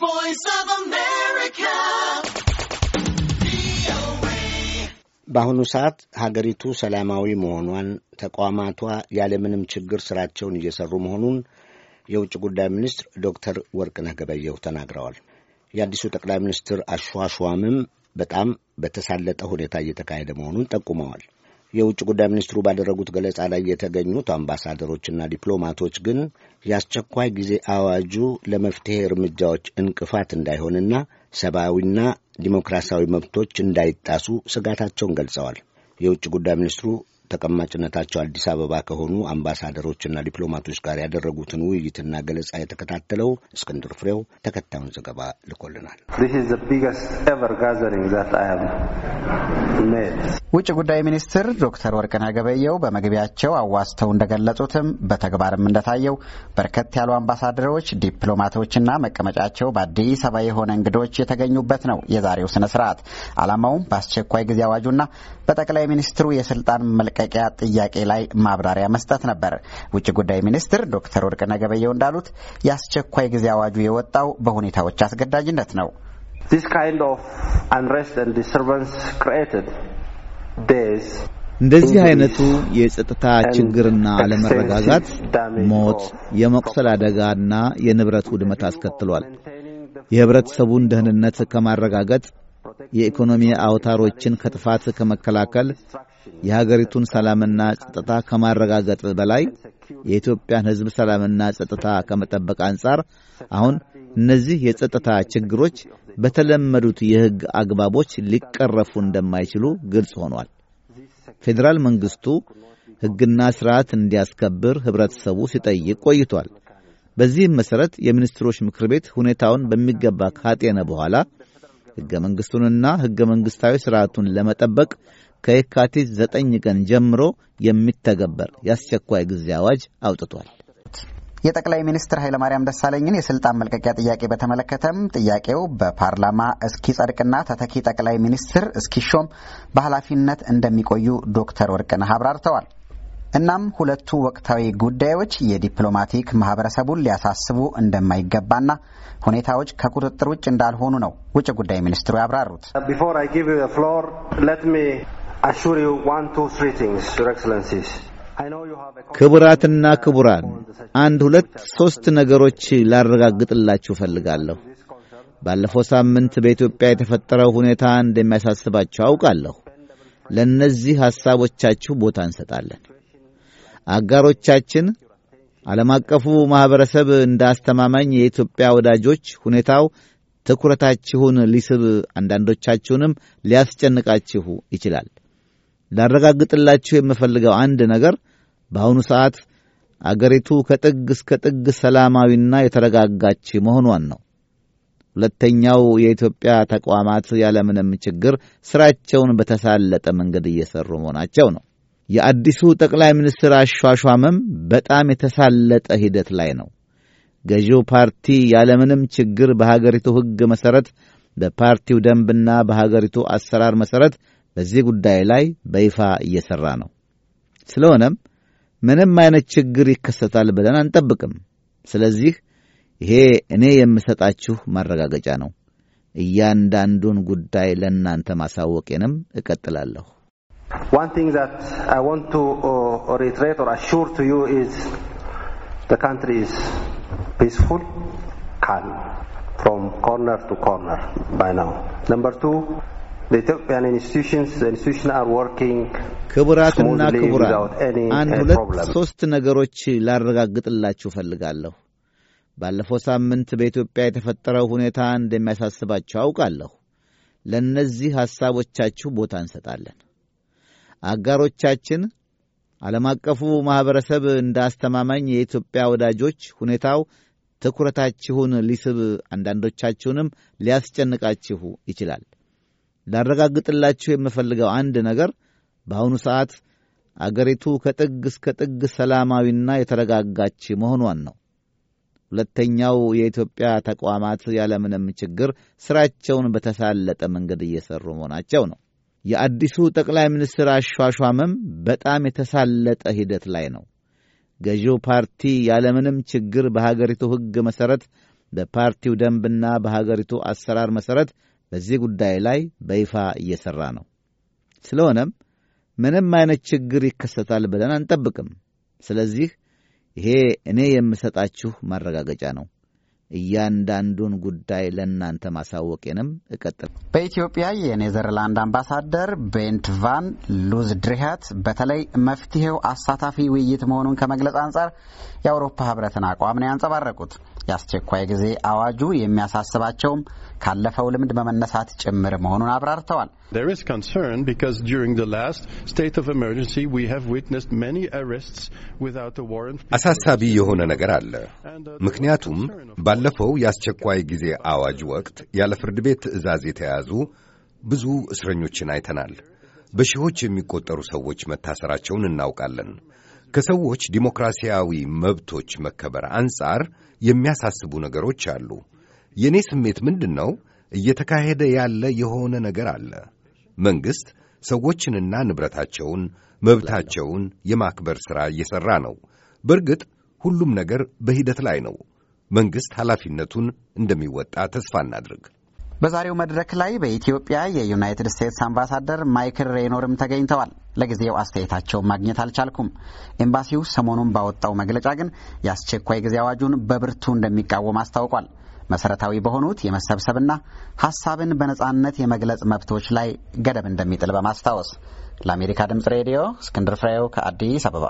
Voice of America. በአሁኑ ሰዓት ሀገሪቱ ሰላማዊ መሆኗን ተቋማቷ ያለምንም ችግር ስራቸውን እየሰሩ መሆኑን የውጭ ጉዳይ ሚኒስትር ዶክተር ወርቅነህ ገበየሁ ተናግረዋል። የአዲሱ ጠቅላይ ሚኒስትር አሸዋሸዋምም በጣም በተሳለጠ ሁኔታ እየተካሄደ መሆኑን ጠቁመዋል። የውጭ ጉዳይ ሚኒስትሩ ባደረጉት ገለጻ ላይ የተገኙት አምባሳደሮችና ዲፕሎማቶች ግን የአስቸኳይ ጊዜ አዋጁ ለመፍትሄ እርምጃዎች እንቅፋት እንዳይሆንና ሰብአዊና ዲሞክራሲያዊ መብቶች እንዳይጣሱ ስጋታቸውን ገልጸዋል። የውጭ ጉዳይ ሚኒስትሩ ተቀማጭነታቸው አዲስ አበባ ከሆኑ አምባሳደሮችና ዲፕሎማቶች ጋር ያደረጉትን ውይይትና ገለጻ የተከታተለው እስክንድር ፍሬው ተከታዩን ዘገባ ልኮልናል። ውጭ ጉዳይ ሚኒስትር ዶክተር ወርቅነህ ገበየሁ በመግቢያቸው አዋስተው እንደገለጹትም በተግባርም እንደታየው በርከት ያሉ አምባሳደሮች፣ ዲፕሎማቶችና መቀመጫቸው በአዲስ አበባ የሆነ እንግዶች የተገኙበት ነው የዛሬው ስነ ስርዓት። ዓላማውም በአስቸኳይ ጊዜ አዋጁና በጠቅላይ ሚኒስትሩ የስልጣን መልቀ ማስጠንቀቂያ ጥያቄ ላይ ማብራሪያ መስጠት ነበር። ውጭ ጉዳይ ሚኒስትር ዶክተር ወርቅነህ ገበየሁ እንዳሉት የአስቸኳይ ጊዜ አዋጁ የወጣው በሁኔታዎች አስገዳጅነት ነው። እንደዚህ አይነቱ የጸጥታ ችግርና አለመረጋጋት ሞት፣ የመቁሰል አደጋና የንብረት ውድመት አስከትሏል። የህብረተሰቡን ደህንነት ከማረጋገጥ የኢኮኖሚ አውታሮችን ከጥፋት ከመከላከል የሀገሪቱን ሰላምና ጸጥታ ከማረጋገጥ በላይ የኢትዮጵያን ሕዝብ ሰላምና ጸጥታ ከመጠበቅ አንጻር አሁን እነዚህ የጸጥታ ችግሮች በተለመዱት የሕግ አግባቦች ሊቀረፉ እንደማይችሉ ግልጽ ሆኗል። ፌዴራል መንግሥቱ ሕግና ሥርዓት እንዲያስከብር ኅብረተሰቡ ሲጠይቅ ቆይቷል። በዚህም መሠረት የሚኒስትሮች ምክር ቤት ሁኔታውን በሚገባ ካጤነ በኋላ ሕገ መንግሥቱንና ሕገ መንግሥታዊ ሥርዓቱን ለመጠበቅ ከየካቲት ዘጠኝ ቀን ጀምሮ የሚተገበር የአስቸኳይ ጊዜ አዋጅ አውጥቷል። የጠቅላይ ሚኒስትር ኃይለማርያም ደሳለኝን የስልጣን መልቀቂያ ጥያቄ በተመለከተም ጥያቄው በፓርላማ እስኪጸድቅና ተተኪ ጠቅላይ ሚኒስትር እስኪሾም በኃላፊነት እንደሚቆዩ ዶክተር ወርቅነህ አብራርተዋል። እናም ሁለቱ ወቅታዊ ጉዳዮች የዲፕሎማቲክ ማህበረሰቡን ሊያሳስቡ እንደማይገባና ሁኔታዎች ከቁጥጥር ውጭ እንዳልሆኑ ነው ውጭ ጉዳይ ሚኒስትሩ ያብራሩት። ክቡራትና ክቡራን አንድ ሁለት ሦስት ነገሮች ላረጋግጥላችሁ እፈልጋለሁ። ባለፈው ሳምንት በኢትዮጵያ የተፈጠረው ሁኔታ እንደሚያሳስባችሁ አውቃለሁ። ለእነዚህ ሐሳቦቻችሁ ቦታ እንሰጣለን። አጋሮቻችን፣ ዓለም አቀፉ ማኅበረሰብ እንደ አስተማማኝ የኢትዮጵያ ወዳጆች ሁኔታው ትኩረታችሁን ሊስብ አንዳንዶቻችሁንም ሊያስጨንቃችሁ ይችላል። ላረጋግጥላችሁ የምፈልገው አንድ ነገር በአሁኑ ሰዓት አገሪቱ ከጥግ እስከ ጥግ ሰላማዊና የተረጋጋች መሆኗን ነው። ሁለተኛው የኢትዮጵያ ተቋማት ያለምንም ችግር ሥራቸውን በተሳለጠ መንገድ እየሠሩ መሆናቸው ነው። የአዲሱ ጠቅላይ ሚኒስትር አሿሿምም በጣም የተሳለጠ ሂደት ላይ ነው። ገዢው ፓርቲ ያለምንም ችግር በሀገሪቱ ሕግ መሠረት፣ በፓርቲው ደንብና በሀገሪቱ አሰራር መሠረት በዚህ ጉዳይ ላይ በይፋ እየሠራ ነው። ስለሆነም ምንም አይነት ችግር ይከሰታል ብለን አንጠብቅም። ስለዚህ ይሄ እኔ የምሰጣችሁ ማረጋገጫ ነው። እያንዳንዱን ጉዳይ ለእናንተ ማሳወቄንም እቀጥላለሁ። One thing that I want to uh, reiterate or assure to you is the country is peaceful, calm, from corner to corner by now. Number two, ክቡራትና ክቡራን uh, አንድ ሁለት ሦስት ነገሮች ላረጋግጥላችሁ እፈልጋለሁ። ባለፈው ሳምንት በኢትዮጵያ የተፈጠረው ሁኔታ እንደሚያሳስባችሁ አውቃለሁ። ለእነዚህ ሐሳቦቻችሁ ቦታ እንሰጣለን። አጋሮቻችን፣ ዓለም አቀፉ ማኅበረሰብ እንደ አስተማማኝ የኢትዮጵያ ወዳጆች ሁኔታው ትኩረታችሁን ሊስብ አንዳንዶቻችሁንም ሊያስጨንቃችሁ ይችላል። ላረጋግጥላችሁ የምፈልገው አንድ ነገር በአሁኑ ሰዓት አገሪቱ ከጥግ እስከ ጥግ ሰላማዊና የተረጋጋች መሆኗን ነው። ሁለተኛው የኢትዮጵያ ተቋማት ያለምንም ችግር ሥራቸውን በተሳለጠ መንገድ እየሠሩ መሆናቸው ነው። የአዲሱ ጠቅላይ ሚኒስትር አሿሿምም በጣም የተሳለጠ ሂደት ላይ ነው። ገዢው ፓርቲ ያለምንም ችግር በሀገሪቱ ሕግ መሠረት፣ በፓርቲው ደንብና በሀገሪቱ አሰራር መሠረት በዚህ ጉዳይ ላይ በይፋ እየሠራ ነው። ስለሆነም ምንም አይነት ችግር ይከሰታል ብለን አንጠብቅም። ስለዚህ ይሄ እኔ የምሰጣችሁ ማረጋገጫ ነው። እያንዳንዱን ጉዳይ ለእናንተ ማሳወቄንም እቀጥል። በኢትዮጵያ የኔዘርላንድ አምባሳደር ቤንት ቫን ሉዝ ድሪሀት በተለይ መፍትሄው አሳታፊ ውይይት መሆኑን ከመግለጽ አንጻር የአውሮፓ ህብረትን አቋም ነው ያንጸባረቁት። የአስቸኳይ ጊዜ አዋጁ የሚያሳስባቸውም ካለፈው ልምድ በመነሳት ጭምር መሆኑን አብራርተዋል። አሳሳቢ የሆነ ነገር አለ። ምክንያቱም ባለ ባለፈው የአስቸኳይ ጊዜ አዋጅ ወቅት ያለ ፍርድ ቤት ትዕዛዝ የተያዙ ብዙ እስረኞችን አይተናል። በሺዎች የሚቆጠሩ ሰዎች መታሰራቸውን እናውቃለን። ከሰዎች ዲሞክራሲያዊ መብቶች መከበር አንጻር የሚያሳስቡ ነገሮች አሉ። የእኔ ስሜት ምንድን ነው? እየተካሄደ ያለ የሆነ ነገር አለ። መንግሥት ሰዎችንና ንብረታቸውን መብታቸውን የማክበር ሥራ እየሠራ ነው። በእርግጥ ሁሉም ነገር በሂደት ላይ ነው። መንግሥት ኃላፊነቱን እንደሚወጣ ተስፋ እናድርግ። በዛሬው መድረክ ላይ በኢትዮጵያ የዩናይትድ ስቴትስ አምባሳደር ማይክል ሬይኖርም ተገኝተዋል። ለጊዜው አስተያየታቸውን ማግኘት አልቻልኩም። ኤምባሲው ሰሞኑን ባወጣው መግለጫ ግን የአስቸኳይ ጊዜ አዋጁን በብርቱ እንደሚቃወም አስታውቋል። መሰረታዊ በሆኑት የመሰብሰብና ሀሳብን በነጻነት የመግለጽ መብቶች ላይ ገደብ እንደሚጥል በማስታወስ ለአሜሪካ ድምፅ ሬዲዮ እስክንድር ፍሬው ከአዲስ አበባ